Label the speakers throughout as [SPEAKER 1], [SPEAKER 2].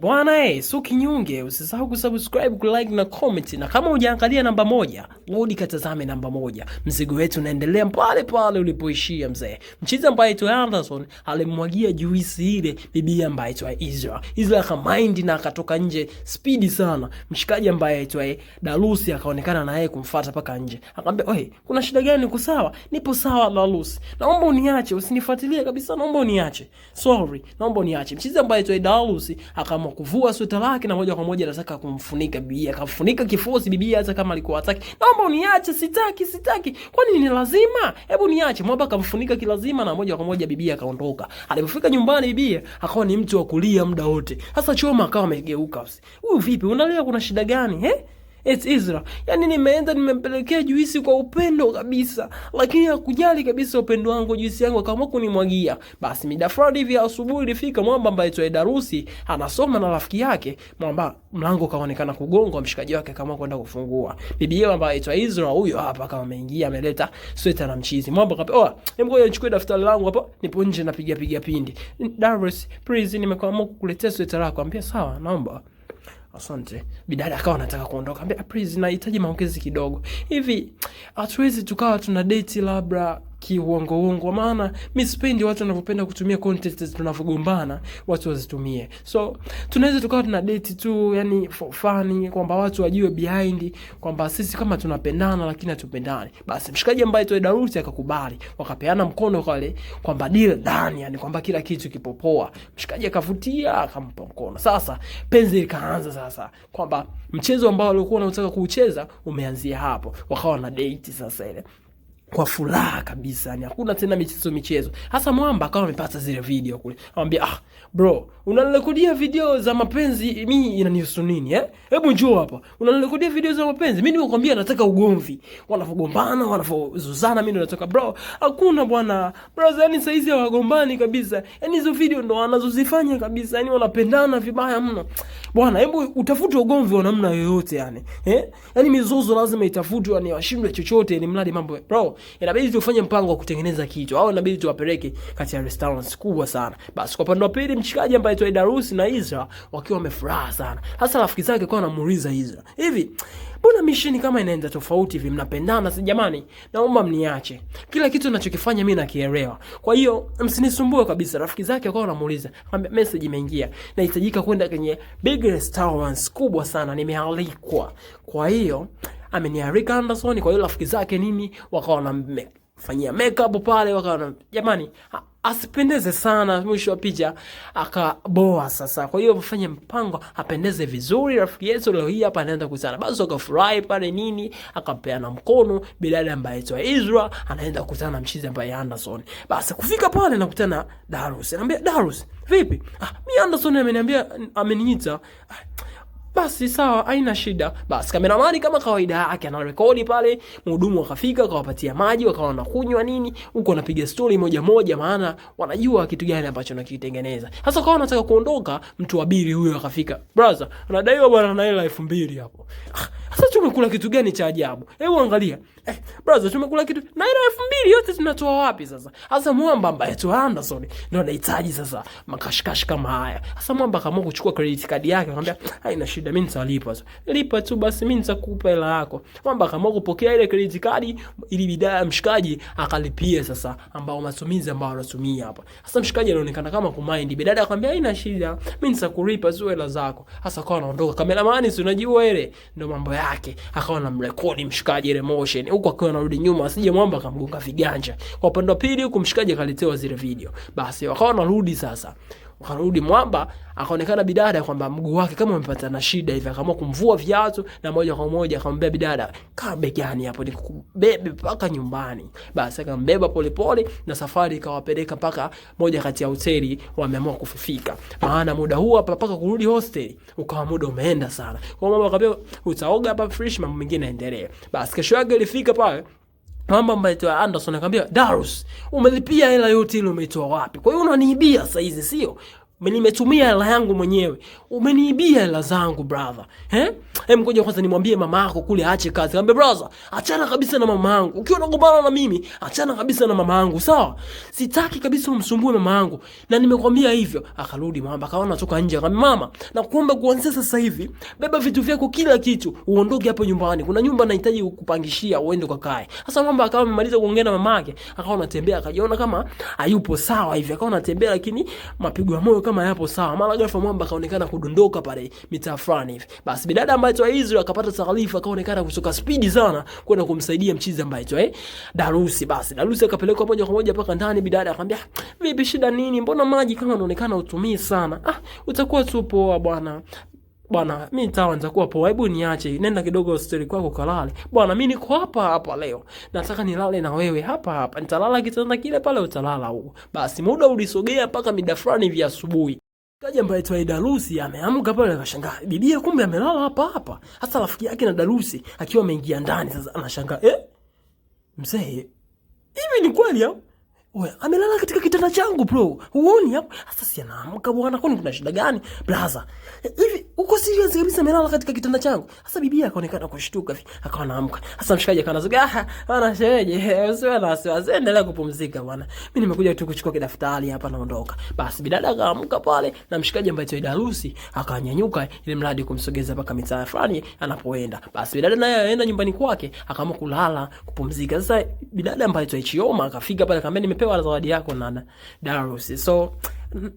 [SPEAKER 1] Bwana eh, so kinyunge, usisahau kusubscribe, kulike na comment, na kama hujaangalia namba moja, rudi katazame namba moja. Mzigo wetu unaendelea pale pale ulipoishia mzee. Mchizi ambaye aitwa Anderson alimwagia juisi ile bibi ambaye aitwa Isra. Israel akamind na akatoka nje spidi sana. Mshikaji ambaye aitwa eh, Dalusi akaonekana na yeye kumfuata paka nje. Akamwambia, "Oi, kuna shida gani? Uko sawa? Nipo sawa Dalusi. Naomba uniache, usinifuatilie kabisa, naomba uniache. Sorry, naomba uniache." Mchizi ambaye aitwa eh, Dalusi akamwambia akaamua kuvua sweta lake na moja kwa moja anataka kumfunika bibi, akamfunika kifosi bibi, hata kama alikuwa hataki. Naomba uniache, sitaki, sitaki. Kwani ni lazima? Hebu niache. Mwamba akamfunika kilazima na moja kwa moja bibi akaondoka. Alipofika nyumbani bibi akawa ni mtu wa kulia muda wote. Sasa Choma akawa amegeuka. Huyu vipi? Unalia kuna shida gani? Eh? it's Israel. Yaani nimeenda nimempelekea juisi kwa upendo kabisa, lakini hakujali kabisa upendo wangu, juisi yangu akaamua kunimwagia. Basi mida fulani hivi asubuhi ilifika, mwamba ambaye aitwa Darusi anasoma na rafiki yake mwamba, mlango kaonekana kugongwa, mshikaji wake akaamua kwenda kufungua. Bibi yeye ambaye aitwa Israel, huyo hapa kama ameingia, ameleta sweta na mchizi. Mwamba akaambia, hebu oh, ngoja nichukue daftari langu hapa, nipo nje napiga piga pindi." Darusi, please, nimekuamua kukuletea sweta lako. Ambia sawa, naomba Asante. Bidada akawa anataka kuondoka, ambia ah, please, nahitaji maongezi kidogo hivi. Hatuwezi tukawa tuna date labda kiuongo uongo, maana mi sipendi watu wanavyopenda kutumia content tunavyogombana, watu wazitumie. So tunaweza tukawa tuna date tu, yani for fun, kwamba watu wajue behind kwamba sisi kama tunapendana, lakini hatupendani. Basi mshikaji ambaye toe daruti akakubali, wakapeana mkono kale kwamba deal done, yani kwamba kila kitu kipopoa, mshikaji akavutia, akampa mkono. Sasa penzi likaanza sasa, kwamba mchezo ambao walikuwa wanataka kuucheza umeanzia hapo, wakawa na date sasa ile kwa furaha kabisa, yani hakuna tena michezo michezo. Hasa mwamba akawa amepata zile video kule, anamwambia ah, bro unanirekodia video za mapenzi, mi inanihusu nini eh? Hebu njoo hapa, unanirekodia video za mapenzi, mi nimekwambia nataka ugomvi. Wanavogombana, wanavozuzana, mi ndo nataka bro. Hakuna bwana, bro yani saa hizi hawagombani kabisa, yani hizo video ndo wanazozifanya kabisa, yani wanapendana vibaya mno bwana. Hebu utafute ugomvi wa namna yoyote yani eh, yani mizozo lazima itafutwe, yani washindwe chochote, ni mradi mambo bro inabidi tufanye mpango wa kutengeneza kitu au inabidi tuwapeleke kati ya restaurants kubwa sana. Basi kwa upande wa pili, mshikaji ambaye aitwa Darusi na Izra wakiwa wamefuraha sana, hasa rafiki zake kwa anamuuliza Izra, hivi mbona misheni kama inaenda tofauti hivi, mnapendana? Si jamani, naomba mniache, kila kitu ninachokifanya mimi nakielewa, kwa hiyo msinisumbue kabisa. Rafiki zake wakawa wanamuuliza, ambia message imeingia, nahitajika kwenda kwenye big restaurants kubwa sana, nimealikwa, kwa hiyo ameniarika Anderson kwa hiyo rafiki zake nini, wakawa wanamfanyia makeup pale, wakawa jamani, asipendeze sana, mwisho wa picha akaboa. Sasa kwa hiyo mfanye mpango apendeze vizuri, rafiki yetu leo hii hapa anaenda kukutana. Basi akafurahi pale nini, akapeana mkono Bilali ambaye aitwa Izra, anaenda kukutana na mchizi ambaye Anderson. Basi kufika pale nakutana Darus, anambia Darus, vipi? Ah, mi Anderson ameniambia ameniita basi sawa, haina shida. Basi kameramani kama kawaida yake anarekodi pale, mhudumu akafika akawapatia maji, wakawa wanakunywa nini huko, anapiga stori moja moja, maana wanajua kitu gani ambacho nakitengeneza sasa. Kawa anataka kuondoka, mtu wa bili huyo akafika, brother, anadaiwa bwana na hela elfu mbili hapo. Ah, sasa tumekula kitu gani cha ajabu? Hebu angalia eh, brother, tumekula kitu na hela elfu mbili yote tunatoa wapi sasa? Sasa mwamba ambaye tu Anderson ndio anahitaji sasa makashikashi kama haya. Sasa mwamba akaamua kuchukua credit card yake, akamwambia haina shida shida, mimi nitalipa tu. Lipa tu basi, mimi nitakupa hela yako. Kwamba kama kupokea ile credit card ili bidhaa mshikaji akalipie sasa, ambao matumizi ambao anatumia hapa. Sasa mshikaji anaonekana kama kumind. Bidada akamwambia haina shida, mimi nitakulipa tu hela zako. Sasa kwa anaondoka, kameramani si unajua ile ndio mambo yake. Akawa anamrekodi mshikaji ile motion huko, akiwa anarudi nyuma asije mwamba akamgonga viganja. Kwa upande wa pili huko mshikaji akaletewa zile video. Basi wakawa wanarudi sasa Wakarudi mwamba, akaonekana bidada kwamba mguu wake kama umepata na shida hivi, akaamua kumvua viatu na moja kwa moja akamwambia bidada, kaa begani hapo nikubebe mpaka nyumbani. Basi akambeba polepole na safari ikawapeleka mpaka moja kati ya hoteli wameamua kufifika, maana muda huo hapa mpaka kurudi hosteli ukawa muda umeenda sana. Kwa mama akamwambia utaoga hapa fresh, mambo mengine yaendelee. Basi kesho yake ilifika pale mambo ambayo aitwa Anderson akamwambia Darus, umelipia hela yote ile umeitoa wapi? Kwa hiyo unaniibia saizi, sio? Nimetumia hela yangu mwenyewe. Umeniibia hela zangu brother. Eh? Hem, ngoja kwanza nimwambie mama yako kule aache kazi. Kambe brother, achana kabisa na mama yangu. Ukiwa unagombana na mimi, achana kabisa na mama yangu, sawa? Sitaki kabisa umsumbue mama yangu, Na nimekwambia hivyo. Akarudi mama, akawa anatoka nje. Akamwambia mama, nakuomba kuanzia sasa hivi, beba vitu vyako kila kitu, uondoke hapo nyumbani. Kuna nyumba nahitaji kukupangishia uende ukakae. Sasa mama akawa amemaliza kuongea na mama yake, akawa anatembea, akajiona kama hayupo sawa hivi. Akawa anatembea lakini mapigo ya moyo kama yapo sawa. Mara ghafla mwamba kaonekana kudondoka pale mitaa fulani hivi. Basi bidada ambaye aitwa Israel akapata taarifa, akaonekana kusoka spidi sana kwenda kumsaidia mchizi ambaye aitwa eh, Darusi. Basi Darusi akapelekwa moja kwa moja mpaka ndani. Bidada akamwambia, ah, vipi, shida nini? Mbona maji kama unaonekana utumii sana? Ah, utakuwa tu poa bwana bwana, mi tawa nitakuwa poa, hebu niache, nenda kidogo hosteli kwako kalale. Bwana, mi niko hapa hapa leo, nataka nilale na wewe hapa hapa, nitalala kitanda kile pale, utalala huko. Basi muda ulisogea mpaka mida fulani vya asubuhi kaja mbaye twa Darusi ameamka pale, akashangaa bibi, kumbe amelala hapa hapa. Hasa rafiki yake na Darusi akiwa ameingia ndani, sasa anashangaa eh, mzee, hivi ni kweli au? Oya, amelala katika kitanda changu bro. Huoni hapo? Sasa si anaamka bwana, kwani kuna shida gani? Brother. Hivi uko serious kabisa amelala katika kitanda changu. Sasa bibi akaonekana kushtuka hivi, akawa anaamka. Sasa mshikaji akawa anazoga, ah, ana shereje. Eh, usiwe na wasiwasi, endelea kupumzika bwana. Mimi nimekuja tu kuchukua kidaftari hapa naondoka. Basi bidada akaamka pale na mshikaji ambaye ni harusi akanyanyuka ili mradi kumsogeza mpaka mitaa fulani anapoenda. Basi bidada naye aenda nyumbani kwake, akaamua kulala kupumzika. Sasa bidada ambaye ni Chioma akafika pale akamwambia nimepewa umepewa zawadi yako na Darusi. So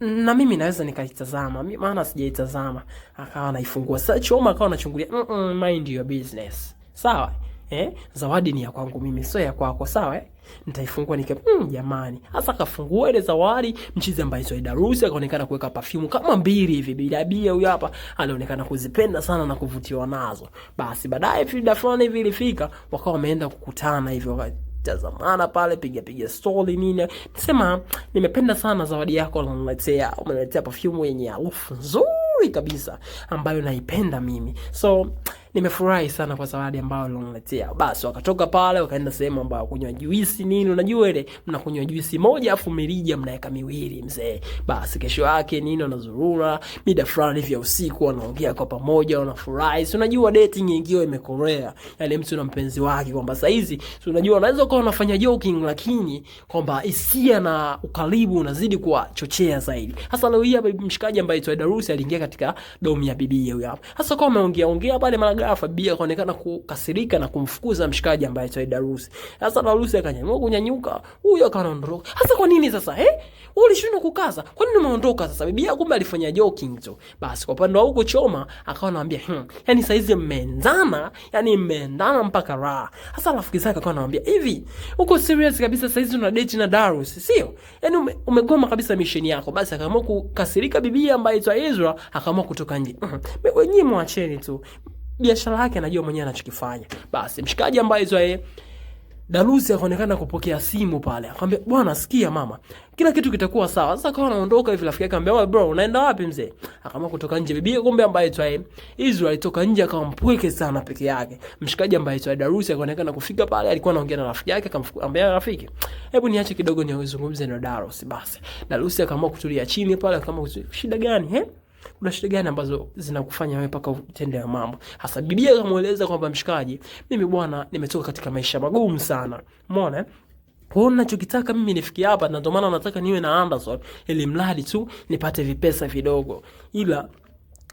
[SPEAKER 1] na mimi naweza nikaitazama, maana sijaitazama. Akawa naifungua sasa, Choma akawa anachungulia. mm -mm, mind your business. Sawa eh? Zawadi ni ya kwangu mimi, sio ya kwako, sawa eh? Nitaifungua nika mm, jamani. Hasa kafungua ile zawadi, mchizi ambaye sio Darusi, akaonekana kuweka perfume kama mbili hivi, bila bia huyo hapa alionekana kuzipenda sana na kuvutiwa nazo. Basi baadaye fida fulani hivi ilifika, wakawa wameenda kukutana hivyo tazamana pale, piga piga story nini. Nasema nimependa sana zawadi yako unaniletea, umeniletea perfume yenye harufu nzuri kabisa ambayo naipenda mimi so nimefurahi sana kwa zawadi ambayo aliniletea. Basi wakatoka pale wakaenda sehemu ambayo kunywa juisi nini, unajua ile mnakunywa juisi moja afu mirija mnaweka miwili mzee. Basi kesho yake nini, wanazurura mida fulani vya usiku, wanaongea kwa pamoja, wanafurahi. Si unajua dating ingio imekorea, yani mtu na mpenzi wake kwamba saa hizi, si unajua unaweza ukawa unafanya joking, lakini kwamba hisia na ukaribu unazidi kuwachochea zaidi. Hasa leo hii hapa mshikaji ambaye aitwa Darusi aliingia katika domu ya bibi huyo hapa, hasa kwa ameongea ongea pale mara ghafla Bi akaonekana kukasirika na kumfukuza mshikaji ambaye aitwa Darusi. Sasa Darusi akanyanyuka kunyanyuka, huyo akaondoka. Sasa kwa nini sasa eh? ulishindwa kukaza. Kwa nini umeondoka sasa? Bibi yako kumbe alifanya joking tu. Basi kwa upande wa huko Choma akawa anamwambia, "Hmm, yani saizi mmeendana, yani mmeendana mpaka raha." Sasa rafiki zake akawa anamwambia, "Hivi, uko serious kabisa saizi una date na Darusi, sio? Yani ume, umegoma kabisa mission yako." Basi akaamua kukasirika bibi ambaye aitwa Ezra, akaamua kutoka nje. Mm-hmm. Wenyewe mwacheni tu biashara yake anajua mwenyewe anachokifanya. Basi mshikaji ambaye hizo yeye eh, Darusi akaonekana kupokea simu pale. Akamwambia, "Bwana sikia mama, kila kitu kitakuwa sawa." Sasa akawa anaondoka hivi rafiki yake akamwambia, "Bro, unaenda wapi mzee?" Akaamua kutoka nje. Bibi kumbe ambaye twae eh, Israel alitoka nje akawa mpweke sana peke yake. Mshikaji ambaye twae eh, Darusi akaonekana kufika pale, alikuwa anaongea na rafiki yake akamwambia, "Rafiki, hebu niache kidogo niwezungumze na Darusi." Basi Darusi akaamua kutulia chini pale, akaamua, "Shida gani, eh? Kuna shida gani ambazo zinakufanya wewe mpaka utende mambo? Hasa Biblia inamueleza kwamba mshikaji, mimi bwana, nimetoka katika maisha magumu sana. Umeona? Kwa hiyo ninachokitaka mimi nifikie hapa, na ndio maana nataka niwe na Anderson ili mradi tu nipate vipesa vidogo. Ila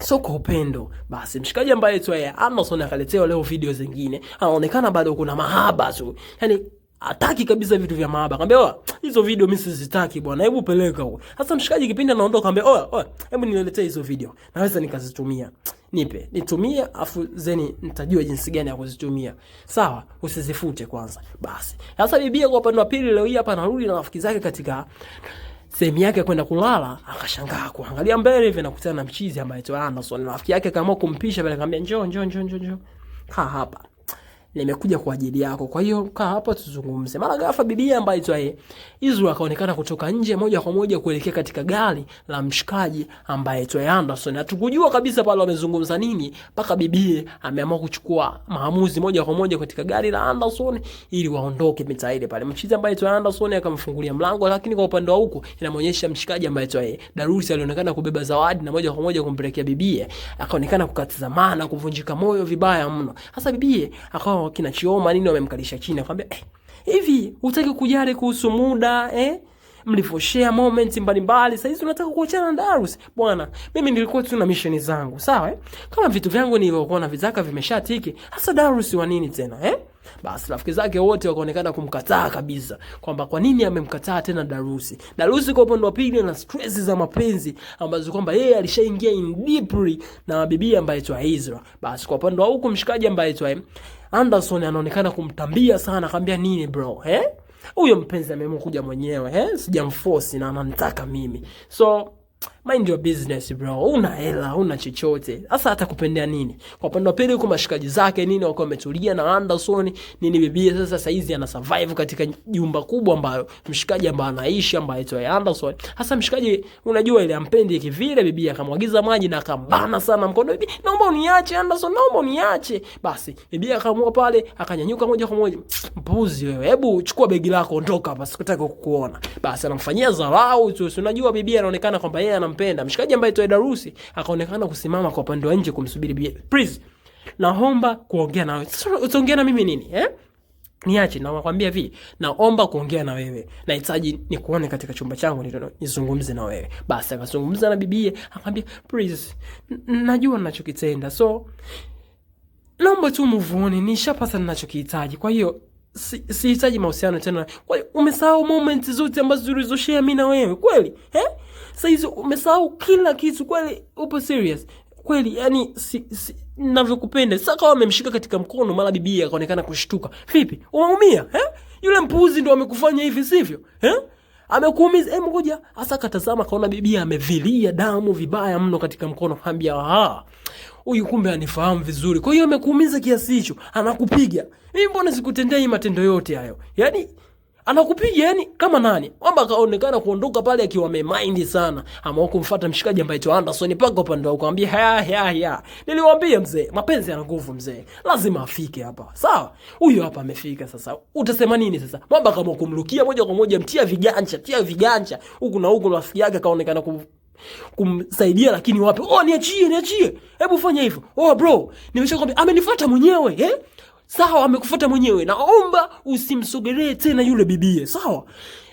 [SPEAKER 1] so kwa upendo basi, mshikaji ambaye tu yeye Anderson akaletewa leo video zingine, anaonekana bado kuna mahaba tu. Yaani Hataki kabisa vitu vya maaba. Kaambia, "Oa, oh, hizo video mimi sizitaki bwana. Hebu peleka huko." Sasa mshikaji kipindi anaondoka kaambia, "Oa, oh, oa, oh, hebu niletee hizo video. Naweza nikazitumia. Nipe, nitumie afu zeni nitajua jinsi gani ya kuzitumia." Sawa, usizifute kwanza. Basi. Sasa bibia kwa upande wa pili leo hii hapa anarudi na rafiki zake katika sehemu yake kwenda kulala, akashangaa kuangalia mbele hivi nakutana na mchizi ambaye tu Anderson. Rafiki yake akaamua kumpisha pale, akamwambia, "Njoo, njoo, njoo, njoo." Kaa hapa limekuja kwa ajili yako. Kwa hiyo kaa hapo tuzungumze. Maana ghafla bibi ambaye Israel akaonekana kutoka nje moja kwa moja kuelekea katika gari la mshikaji ambaye Troy Anderson. Hatukujua kabisa pale wamezungumza nini mpaka bibie ameamua kuchukua maamuzi moja kwa moja katika gari la Anderson ili waondoke mita ile pale. Mchizi ambaye Troy Anderson akamfungulia mlango, lakini kwa upande wa huko inamuonyesha mshikaji ambaye Troy eh, Darusi alionekana kubeba zawadi na moja kwa moja kumpelekea bibie. Akaonekana kukatiza maana, kuvunjika moyo vibaya mno. Sasa bibie akawa kinachooma nini wamemkalisha chini akamwambia eh, hivi utaki kujali kuhusu muda eh? mlivyoshare moments mbalimbali. saizi unataka kuachana na Darus bwana, mimi nilikuwa tu na misheni zangu sawa eh? kama vitu vyangu nilivyokuwa na vizaka vimeshatiki, hasa Darusi wa nini tena eh? Basi rafiki zake wote wakaonekana kumkataa kabisa, kwamba kwa nini amemkataa tena Darusi. Darusi kwa upande wa pili na stress za mapenzi ambazo kwamba yeye alishaingia in deeply na bibi ambaye aitwa Ezra. Basi kwa upande wa huku mshikaji ambaye aitwa eh, Anderson anaonekana kumtambia sana, akamwambia nini bro, eh huyo mpenzi ameamua kuja mwenyewe eh, sijamforce na ananitaka mimi so mind your business bro, una hela una chochote hasa hata kupendea nini? Kwa upande wa pili huko mashikaji zake nini wako wametulia na Anderson nini, bibia sasa saizi ana survive katika jumba kubwa ambayo mshikaji ambaye anaishi ambaye aitwa Anderson. Hasa mshikaji, unajua ile ampendi kivile, bibia akamwagiza maji na akambana sana mkono, bibi, naomba uniache Anderson, naomba uniache. Basi bibia akaamua pale, akanyanyuka moja kwa moja, mpuzi wewe, hebu chukua begi lako, ondoka hapa, sikutaka kukuona. Basi anamfanyia dharau tu, unajua bibia anaonekana kwamba yeye ana anampenda. Mshikaji ambaye Toyota Rusi akaonekana kusimama kwa upande wa nje kumsubiri bibi. Please, Naomba kuongea nawe. Utaongea na mimi nini eh? Niache na nakwambia vi, naomba kuongea na wewe, nahitaji nikuone katika chumba changu nizungumze na wewe. Basi akazungumza na bibie, akamwambia please, najua ninachokitenda, so naomba tu muvuone, nishapata ninachokihitaji, kwa hiyo sihitaji si mahusiano tena. Kwa hiyo umesahau moment zote ambazo tulizoshare mimi na wewe kweli eh? saizi umesahau kila kitu kweli, upo serious kweli? Yani si, si, navyokupenda sasa. Kawa amemshika katika mkono, mara bibi akaonekana kushtuka. Vipi, umeumia eh? Yule mpuzi ndo amekufanya hivi, sivyo eh? Amekuumiza hebu Ngoja hasa, katazama kaona bibi amevilia damu vibaya mno katika mkono, kaambia aha huyu kumbe anifahamu vizuri, kwa hiyo amekuumiza kiasi hicho, anakupiga. Mimi mbona sikutendea hii matendo yote hayo? yani anakupiga yani kama nani kwamba akaonekana kuondoka pale akiwa memaindi sana, ama kumfuata mshikaji ambaye tu Anderson paka upande wa kuambia haya haya haya. Niliwaambia mzee, mapenzi yana nguvu mzee, lazima afike hapa. Sawa, huyo hapa amefika. Sasa utasema nini sasa? Mwamba kama kumrukia moja kwa moja, mtia viganja, tia viganja huku na huku, rafiki yake akaonekana ku kumsaidia lakini wapi? Oh, niachie niachie, hebu fanya hivyo. Oh bro, nimeshakwambia amenifuata mwenyewe eh sawa, amekufuata mwenyewe, naomba usimsogelee tena yule bibie, sawa?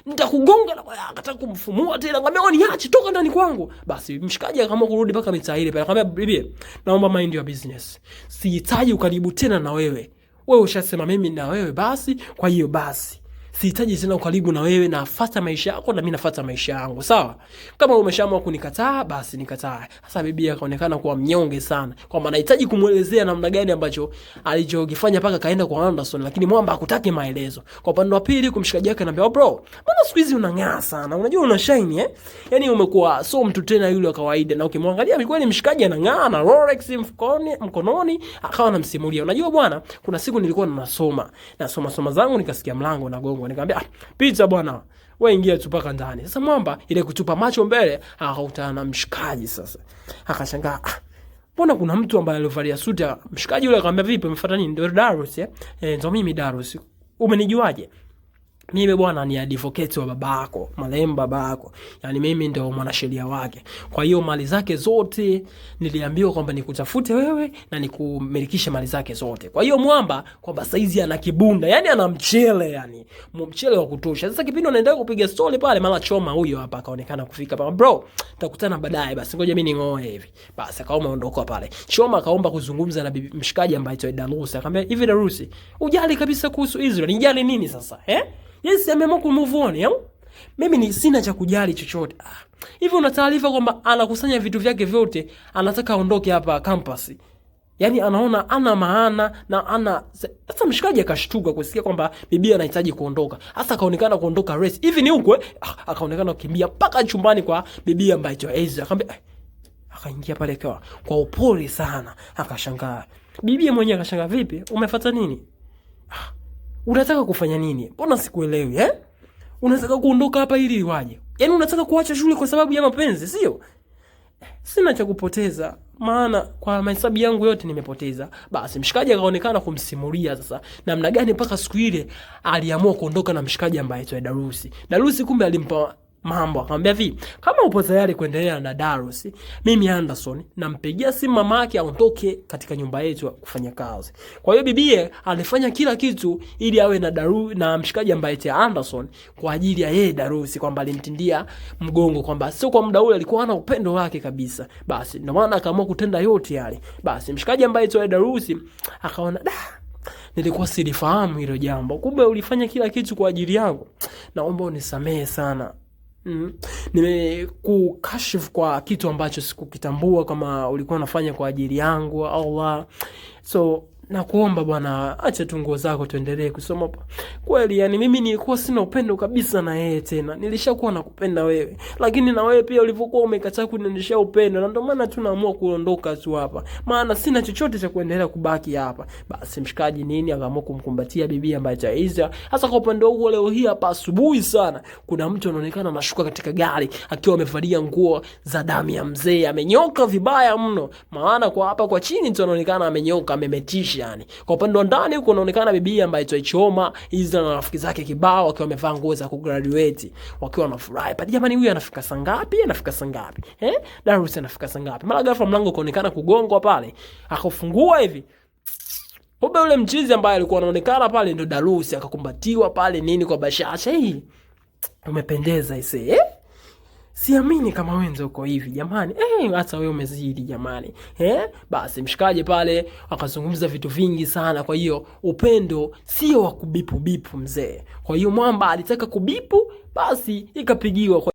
[SPEAKER 1] Nitakugonga na akataka kumfumua tena, ngambia niache, toka ndani kwangu. Basi mshikaji akaamua kurudi mpaka mitaa ile pale, ngambia bibi, naomba mind your business, sihitaji ukaribu tena na wewe, wewe ushasema mimi na wewe basi, kwa hiyo basi sihitaji tena ukaribu na wewe, nafata maisha yako na mi nafata maisha yangu, sawa. Kama umeshaamua kunikataa basi nikataa. Hasa bibi akaonekana kuwa mnyonge sana, kwamba nahitaji kumwelezea namna gani ambacho alichokifanya mpaka kaenda kwa Anderson, lakini mwamba hakutaki maelezo. Kwa upande wa pili, kumshikaji wake anambia, oh, bro, mbona siku hizi unang'aa sana, unajua una shine eh, yani umekuwa so mtu tena yule wa kawaida, na ukimwangalia kweli mshikaji anang'aa na Rolex mfukoni mkononi, akawa anamsimulia, unajua bwana, kuna siku nilikuwa ninasoma nasoma soma zangu nikasikia mlango na gongo wangu. Nikamwambia ah, pizza bwana, wewe ingia tu paka ndani. Sasa mwamba ile kutupa macho mbele, akakutana na mshikaji sasa. Akashangaa ah, mbona kuna mtu ambaye alivalia suti? Mshikaji yule akamwambia vipi, umefuata nini? Ndio Darusi eh? Eh, ndio mimi Darusi, Umenijuaje? mimi bwana ni advocate wa baba yako, marehemu baba yako, yani mimi ndio mwanasheria wake. Kwa hiyo mali zake zote niliambiwa kwamba nikutafute wewe na nikumilikishe mali zake zote. Kwa hiyo mwamba kwamba saizi ana kibunda, yani ana mchele, yani mchele wa kutosha. Sasa kipindi unaendelea kupiga story pale, mara choma huyo hapa akaonekana kufika hapa, bro, tutakutana baadaye, basi ngoja mimi ningoe hivi. Basi akaomba ondoka pale, choma akaomba kuzungumza na bibi mshikaji ambaye aitwa Darusi, akamwambia hivi, Darusi, ujali kabisa kuhusu Israel, nijali nini sasa eh? Yesu yaani ameamua kumove on yao. Yaani mimi ni sina cha kujali chochote. Ah. Hivi una taarifa kwamba anakusanya vitu vyake vyote, anataka aondoke hapa campus. Yaani anaona ana maana na ana sasa, mshikaji akashtuka kusikia kwamba bibi anahitaji kuondoka. Sasa akaonekana kuondoka race. Hivi ni ukwe? Eh? Ah, akaonekana kukimbia mpaka chumbani kwa bibi ambaye tu Ezra Akamwambia eh. akaingia pale kwa kwa upole sana, akashangaa. Bibi mwenyewe akashangaa, vipi? Umefuata nini? Ah. Unataka kufanya nini? Mbona sikuelewi eh? Unataka kuondoka hapa ili iwaje? Yaani unataka kuacha shule kwa sababu ya mapenzi, sio? Sina cha kupoteza, maana kwa mahesabu yangu yote nimepoteza. Basi mshikaji akaonekana kumsimulia sasa namna gani mpaka siku ile aliamua kuondoka na mshikaji ambaye aitwa Darusi. Darusi kumbe alimpa mambo, akamwambia vi, kama upo tayari kuendelea na Darus, mimi Anderson nampigia simu mama yake aondoke katika nyumba yetu kufanya kazi. Kwa hiyo bibie alifanya kila kitu ili awe na Daru na mshikaji ambaye tia Anderson kwa ajili ya yeye Darus, kwamba alimtindia mgongo, kwamba sio kwa muda ule alikuwa ana upendo wake kabisa, basi ndio maana akaamua kutenda yote yale. Basi mshikaji ambaye tia Darus akaona da nilikuwa silifahamu hilo jambo, kumbe ulifanya kila kitu kwa ajili yangu, naomba unisamehe sana. Mm. Nimekukashifu kwa kitu ambacho sikukitambua kama ulikuwa unafanya kwa ajili yangu Allah. So nakuomba bwana, acha tu nguo zako tuendelee kusoma. Kweli yani mimi nilikuwa sina upendo kabisa na yeye tena, nilishakuwa nakupenda wewe, lakini na wewe pia ulivyokuwa umekataa kunionyesha upendo, na ndio maana tu naamua kuondoka tu hapa, maana sina chochote cha kuendelea kubaki hapa. Basi mshikaji nini akaamua kumkumbatia bibi ambaye Chaiza. Hasa kwa upande huo, leo hii hapa asubuhi sana, kuna mtu anaonekana anashuka katika gari akiwa amevalia nguo za damu ya mzee, amenyoka vibaya mno, maana kwa hapa kwa chini tu anaonekana amenyoka, amemetisha njiani. Kwa upande wa ndani huko unaonekana bibi ambaye aitwa Choma Izra na rafiki zake kibao wakiwa wamevaa nguo za kugraduate wakiwa wanafurahi. Pati jamani, huyu anafika saa ngapi? Anafika saa ngapi? Eh? Darusi anafika saa ngapi? Mara ghafla mlango ukaonekana kugongwa pale. Akafungua hivi. Kumbe yule mchizi ambaye alikuwa anaonekana pale ndo Darusi akakumbatiwa pale nini kwa bashasha hii. Umependeza ise. Eh? Siamini kama wenza uko hivi jamani, eh, hata wewe umezidi jamani. Eh, basi mshikaje pale akazungumza vitu vingi sana. Kwa hiyo upendo sio wa kubipu bipu mzee. Kwa hiyo mwamba alitaka kubipu, basi ikapigiwa.